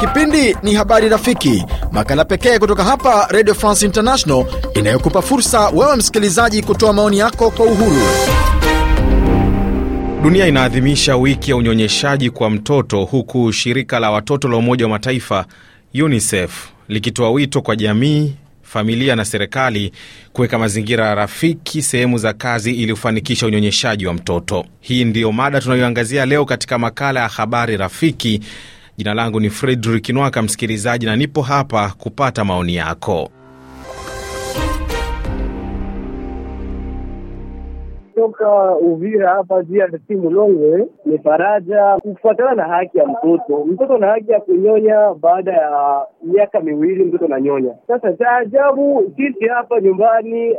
Kipindi ni Habari Rafiki, makala pekee kutoka hapa Radio France International inayokupa fursa wewe msikilizaji kutoa maoni yako kwa uhuru. Dunia inaadhimisha wiki ya unyonyeshaji kwa mtoto huku shirika la watoto la Umoja wa Mataifa UNICEF likitoa wito kwa jamii familia na serikali kuweka mazingira rafiki sehemu za kazi ili kufanikisha unyonyeshaji wa mtoto. Hii ndiyo mada tunayoangazia leo katika makala ya habari rafiki. Jina langu ni Fredrik Nwaka, msikilizaji, na nipo hapa kupata maoni yako. kutoka Uvira hapa jia ya timu Longwe ni faraja kufuatana na haki ya mtoto. Mtoto na haki ya kunyonya baada ya miaka miwili mtoto ananyonya Sasa cha ajabu, sisi hapa nyumbani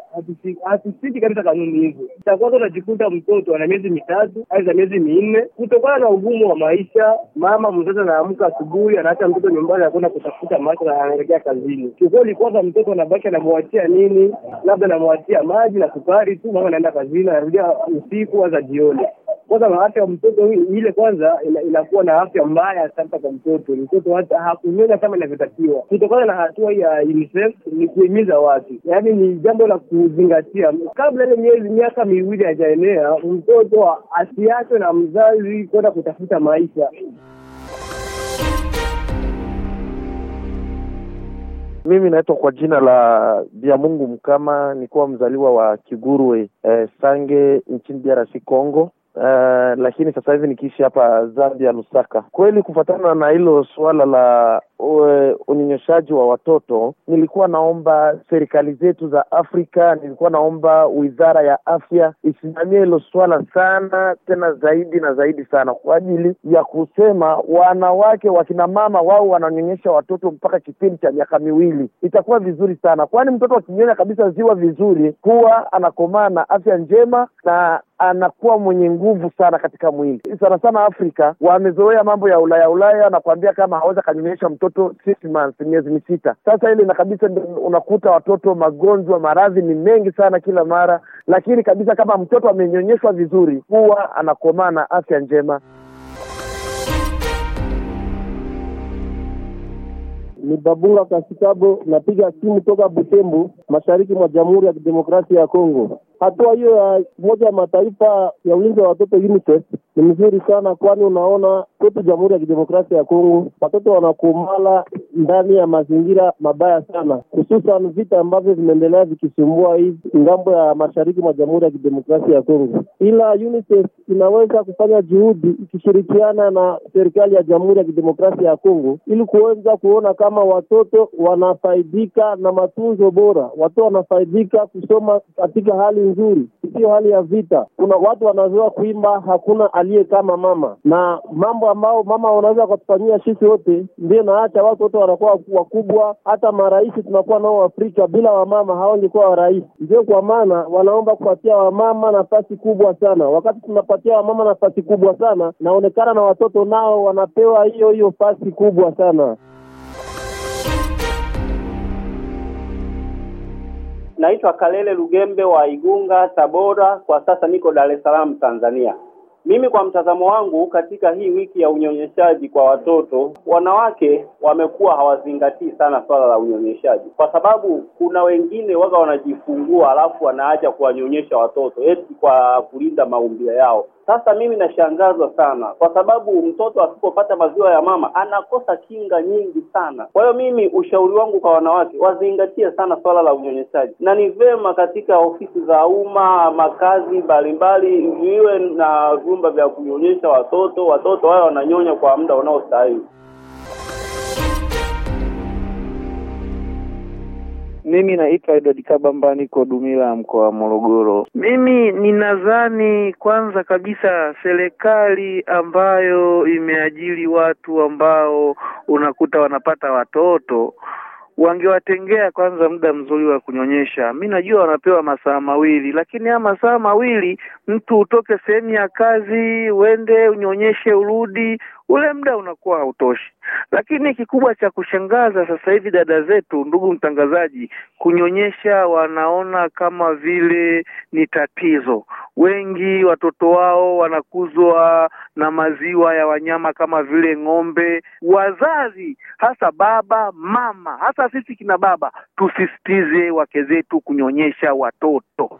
hatusiki kabisa kanuni hizo. Cha kwanza, unajikuta mtoto ana miezi mitatu za miezi minne, kutokana na ugumu wa maisha. Mama mzazi anaamka asubuhi, anaacha mtoto nyumbani, anakwenda kutafuta maisha na anaelekea kazini. Kiukweli, kwanza mtoto anabaki, anamwachia nini? Labda anamwachia maji na sukari tu, mama anaenda kazini, anarudi kuanzia usiku za jioni. Kwanza afya ya mtoto ile kwanza inakuwa na afya mbaya sana kwa mtoto. Mtoto hata hakunyonya kama inavyotakiwa. Kutokana na hatua ya UNICEF ni kuhimiza watu, yaani ni jambo la kuzingatia kabla ile miezi miaka miwili hajaenea, mtoto asiachwe na mzazi kwenda kutafuta maisha. Mimi naitwa kwa jina la mungu Mkama, nikuwa mzaliwa wa Kigurwe eh, Sange nchini DRC Congo. Uh, lakini sasa hivi nikiishi hapa Zambia Lusaka. Kweli, kufuatana na hilo suala la unyonyeshaji wa watoto, nilikuwa naomba serikali zetu za Afrika, nilikuwa naomba wizara ya afya isimamie hilo swala sana tena zaidi na zaidi sana, kwa ajili ya kusema wanawake, wakina mama wao wananyonyesha watoto mpaka kipindi cha miaka miwili. Itakuwa vizuri sana, kwani mtoto akinyonya kabisa ziwa vizuri, huwa anakomaa na afya njema na anakuwa mwenye nguvu sana katika mwili. Sana sana Afrika wamezoea mambo ya Ulaya Ulaya, anakuambia kama hawezi akanyonyesha mtoto watoto six months, miezi misita. Sasa ile na kabisa unakuta watoto magonjwa, maradhi ni mengi sana kila mara, lakini kabisa kama mtoto amenyonyeshwa vizuri, huwa anakomaa na afya njema. Ni Babula Kasikabo, napiga simu toka Butembo, mashariki mwa Jamhuri ya Kidemokrasia ya Kongo. Hatua hiyo ya Umoja wa Mataifa ya ulinzi wa watoto UNICEF ni mzuri sana, kwani unaona kwetu Jamhuri ya Kidemokrasia ya Kongo watoto wanakumala ndani ya mazingira mabaya sana, hususan vita ambavyo vimeendelea vikisumbua hivi ngambo ya mashariki mwa Jamhuri ya Kidemokrasia ya Kongo, ila UNICEF inaweza kufanya juhudi ikishirikiana na serikali ya Jamhuri ya Kidemokrasia ya Kongo ili kuweza kuona kama watoto wanafaidika na matunzo bora, watoto wanafaidika kusoma katika hali nzuri, isiyo hali ya vita. Kuna watu wanazoea kuimba hakuna tuangalie kama mama na mambo ambao mama wanaweza wakatufanyia sisi wote, ndio naacha watu wote wanakuwa wakubwa. Hata marais tunakuwa nao Afrika, bila wamama hawangekuwa warais. Ndio kwa maana wanaomba kupatia wamama nafasi kubwa sana. Wakati tunapatia wamama nafasi kubwa sana, naonekana na watoto nao wanapewa hiyo hiyo fasi kubwa sana. Naitwa Kalele Lugembe wa Igunga, Tabora. Kwa sasa niko Dar es Salaam, Tanzania. Mimi kwa mtazamo wangu, katika hii wiki ya unyonyeshaji kwa watoto, wanawake wamekuwa hawazingatii sana swala la unyonyeshaji, kwa sababu kuna wengine waga wanajifungua alafu wanaacha kuwanyonyesha watoto eti kwa kulinda maumbile yao. Sasa mimi nashangazwa sana kwa sababu mtoto asipopata maziwa ya mama anakosa kinga nyingi sana. Kwa hiyo mimi ushauri wangu kwa wanawake wazingatie sana swala la unyonyeshaji, na ni vema katika ofisi za umma, makazi mbalimbali, viwe na vyumba vya kunyonyesha watoto. Watoto wao wananyonya kwa muda unaostahili. Mimi naitwa Edward Kabamba, niko Dumila, mkoa wa Morogoro. Mimi ninadhani kwanza kabisa serikali ambayo imeajiri watu ambao unakuta wanapata watoto wangewatengea kwanza muda mzuri wa kunyonyesha. Mi najua wanapewa masaa mawili, lakini haya masaa mawili mtu utoke sehemu ya kazi uende unyonyeshe urudi, ule muda unakuwa hautoshi. Lakini kikubwa cha kushangaza sasa hivi, dada zetu, ndugu mtangazaji, kunyonyesha wanaona kama vile ni tatizo. Wengi watoto wao wanakuzwa na maziwa ya wanyama kama vile ng'ombe. Wazazi hasa baba mama, hasa sisi kina baba, tusisitize wake zetu kunyonyesha watoto.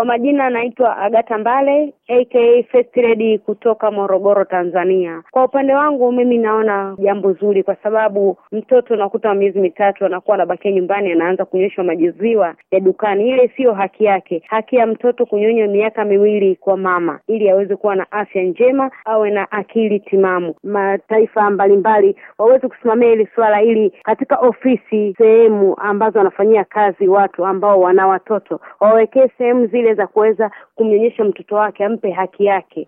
Kwa majina anaitwa Agata Mbale aka First Lady kutoka Morogoro, Tanzania. Kwa upande wangu mimi naona jambo zuri, kwa sababu mtoto unakuta miezi mitatu anakuwa anabakia nyumbani, anaanza kunyweshwa majiziwa ya dukani. Ile siyo haki yake. Haki ya mtoto kunyonywa miaka miwili kwa mama, ili aweze kuwa na afya njema, awe na akili timamu. Mataifa mbalimbali waweze kusimamia hili swala, ili katika ofisi, sehemu ambazo wanafanyia kazi watu ambao wana watoto wawekee sehemu zile mlezi kuweza kumnyonyesha mtoto wake, ampe haki yake.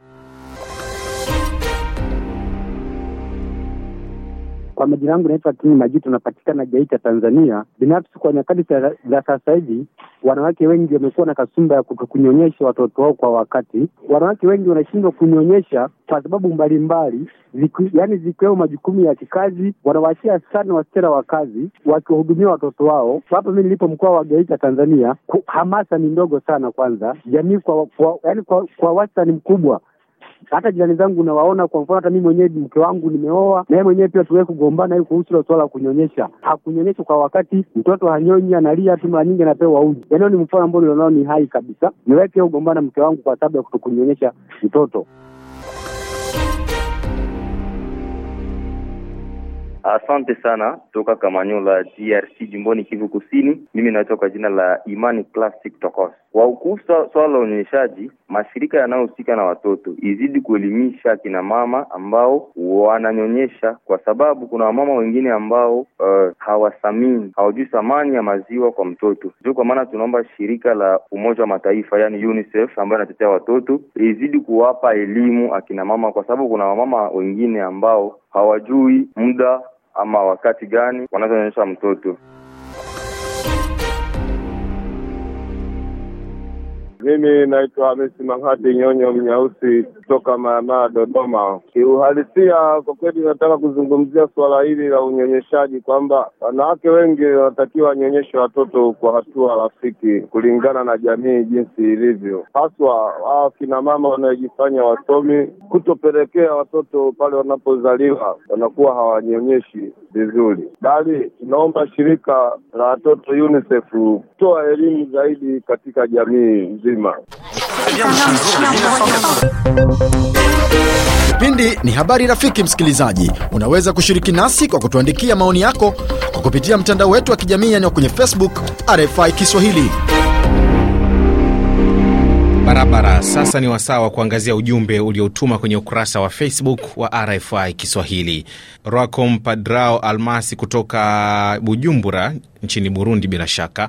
Kwa majina yangu naitwa Kini Majuto, napatikana Geita, Tanzania. Binafsi, kwa nyakati za sasa hivi wanawake wengi wamekuwa na kasumba ya kutokunyonyesha watoto wao kwa wakati. Wanawake wengi wanashindwa kunyonyesha kwa sababu mbalimbali ziku, yani zikiwemo majukumu ya kikazi, wanawaachia sana wasichana wa kazi wakiwahudumia watoto wao. Hapa mimi nilipo mkoa wa Geita, Tanzania, hamasa ni ndogo sana. Kwanza jamii kwa, kwa, yani kwa, kwa wastani mkubwa hata jirani zangu nawaona, kwa mfano hata mii mwenyewe mke wangu nimeoa na yeye mwenyewe pia tuwee kugombana kuhusu hilo swala la kunyonyesha. Hakunyonyesha kwa wakati, mtoto hanyonyi, analia tu, mara nyingi anapewa uji. eneo yaani ni mfano ambao nilionao ni hai kabisa. Niwee pia kugombana mke wangu kwa sababu ya kutokunyonyesha mtoto. Asante sana toka Kamanyola, DRC, jimboni Kivu Kusini. Mimi naitwa kwa jina la Imani Plastic Tokos. Kwa kuhusu swala la unyonyeshaji, mashirika yanayohusika na watoto izidi kuelimisha kina mama ambao wananyonyesha, kwa sababu kuna wamama wengine ambao uh, hawathamini, hawajui thamani ya maziwa kwa mtoto. Ndio kwa maana tunaomba shirika la Umoja wa Mataifa yani UNICEF ambayo inatetea watoto izidi kuwapa elimu akina mama, kwa sababu kuna wamama wengine ambao hawajui muda ama wakati gani wanazonyonyesha mtoto. Mimi naitwa Hamisi Manghati Nyonyo Mnyausi kutoka Mayamaa, Dodoma. Kiuhalisia, kwa kweli nataka kuzungumzia suala hili la unyonyeshaji, kwamba wanawake wengi wanatakiwa wanyonyeshe watoto kwa hatua rafiki kulingana na jamii jinsi ilivyo, haswa hao kina mama wanaojifanya wasomi, kutopelekea watoto pale wanapozaliwa wanakuwa hawanyonyeshi vizuri, bali tunaomba shirika la watoto UNICEF kutoa elimu zaidi katika jamii Kipindi ni habari. Rafiki msikilizaji, unaweza kushiriki nasi kwa kutuandikia maoni yako kwa kupitia mtandao wetu wa kijamii yaani kwenye Facebook RFI Kiswahili barabara. Sasa ni wasaa wa kuangazia ujumbe uliotuma kwenye ukurasa wa Facebook wa RFI Kiswahili. Roacom Padrao Almasi kutoka Bujumbura nchini Burundi, bila shaka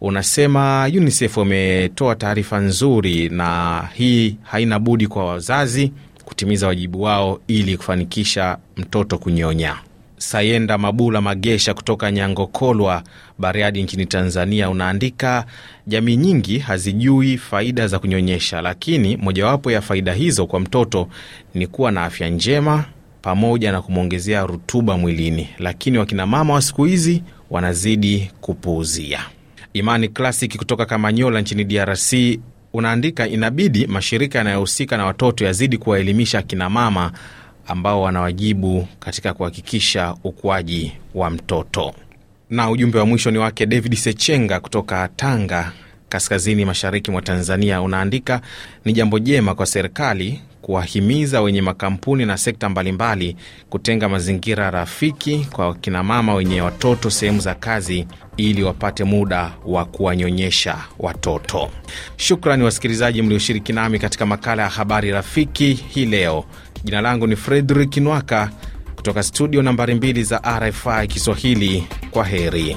unasema UNICEF wametoa taarifa nzuri, na hii haina budi kwa wazazi kutimiza wajibu wao ili kufanikisha mtoto kunyonya. Sayenda Mabula Magesha kutoka Nyangokolwa, Bariadi nchini Tanzania, unaandika jamii nyingi hazijui faida za kunyonyesha, lakini mojawapo ya faida hizo kwa mtoto ni kuwa na afya njema pamoja na kumwongezea rutuba mwilini, lakini wakinamama wa siku hizi wanazidi kupuuzia. Imani Classic kutoka Kamanyola nchini DRC unaandika, inabidi mashirika yanayohusika na watoto yazidi kuwaelimisha akinamama ambao wanawajibu katika kuhakikisha ukuaji wa mtoto. Na ujumbe wa mwisho ni wake David Sechenga kutoka Tanga, kaskazini mashariki mwa Tanzania, unaandika, ni jambo jema kwa serikali kuwahimiza wenye makampuni na sekta mbalimbali kutenga mazingira rafiki kwa wakinamama wenye watoto sehemu za kazi ili wapate muda wa kuwanyonyesha watoto. Shukrani wasikilizaji mlioshiriki nami katika makala ya habari rafiki hii leo. Jina langu ni Fredrik Nwaka kutoka studio nambari mbili za RFI Kiswahili. Kwa heri.